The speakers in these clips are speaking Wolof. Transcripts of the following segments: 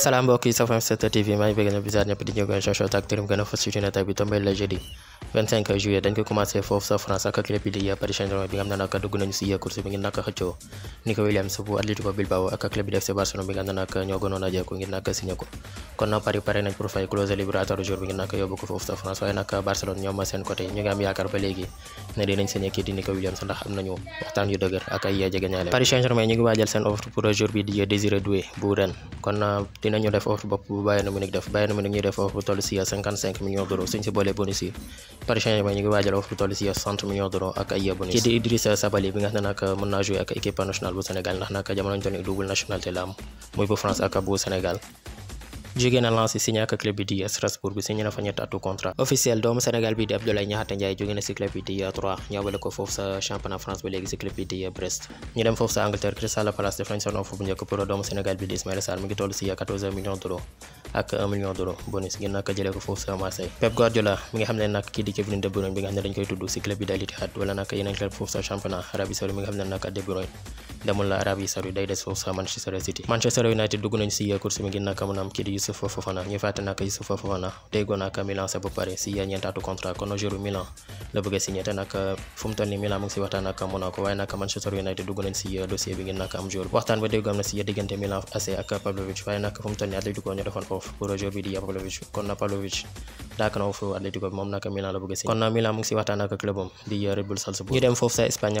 salaam mbokk sa fam 7 TV na bisaat ñëpp di ñëw gën a changé ak tërëm gën a fas yéene tey bi tombé le jeudi 25 juillet dañ koy commencé foofu sa France ak club di Paris saint bi nga xam ne nag dugg nañu si course bi ngir nag xëccoo Nico Williams bu Atlético Bilbao ak club di FC Barcelone bi nga xam ne nag ñoo gënoon a ngir nag signé ko kon Paris pare nañ pour fay clause libératoire jour bi ngir nag yóbbu ko foofu sa France waaye nag Barcelone ñoom seen côté ñu ngi am yaakaar ba léegi ne dinañ signé kii di Nico Williams ndax Paris Saint-Germain ñu ngi waajal offre bu toll si 60 millions d'euros ak ay bonus kii di Idrissa Sabali bi nga xam ne nag mën naa jouer ak équipe nationale bu Sénégal ndax nag jamono ñu doon double nationalité la am muy bu France ak bu Sénégal jóge na Lens signé ak club bi di Strasbourg bi signé fa ñett atu contrat officiel doomu Sénégal bi di Abdoulaye Niakhate Ndiaye jóge na si club bi di Troyes ñëwale ko foofu sa foofu sa Angleterre Crystal Palace bu njëkk ak 1 million d'euros bonus ngir nag jëlee ko foofu sa Marseille Pep Guardiola mi nga xam ne nag kii di Kevin De Bruyne bi nga xam ne dañ koy tudd ci club bi dal Ittihad wala nag yeneen club foofu sa championnat Arabie Saoudite mi nga xam ne nag De Bruyne demul la Arabie Saoudite day des foofu sa Manchester City Manchester United dugg nañ ci course mi ngir nag mën a am kii di Youssouf Fofana ñu fàtte nag Youssouf Fofana déggoo nag Milan sa bu pare ci ñeentaatu contrat kon na la bëgg a te nag euh, fu toll nii Milan mu ngi si waxtaan ak Monaco waaye nag Manchester United dugg nañ si euh, dossier bi ngeen nag am joueur waxtaan ba déggoo am na si diggante Milan AC ak waaye nag fu toll nii Atlético ñoo defoon off pour joueur bi di kon na Pavlovic daak na off Atlético bi moom nag Milan la bëgg a kon na Milan mu ngi si waxtaan ak clubam di euh, Red Bull ñu dem foofu sa Espagne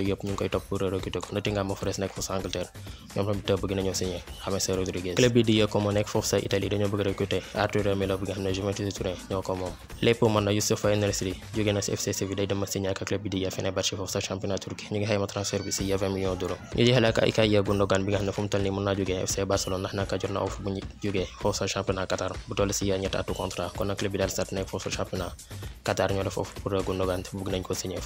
léegi ñu ngi koy topp pour ko Nottingham Forest nekk foofu sa Angleterre ñoom tamit te bëgg nañoo signé xamee sa Rodriguez club bi di Como nekk foofu sa Italie dañoo bëgg recruter Arthur Melo bi nga xam ne Juventus Turin ñoo ko moom lépp mën na Youssouf Enesri jóge na si FC Séville day dem signé ak club bi di Fenerbahçe foofu sax championnat turc ñu ngi xayma transfert bi si 20 millions d'euros ñu jeexale ak Ilkay Gundogan bi nga xam ne fu mu toll mën naa jógee FC Barcelone ndax naka jot na offre bu jógee foofu sax championnat Qatar bu toll si ñetti atu contrat kon nag club bi daal sat nekk foofu sax championnat Qatar ñoo def offre pour Gundogan te bëgg nañ ko signé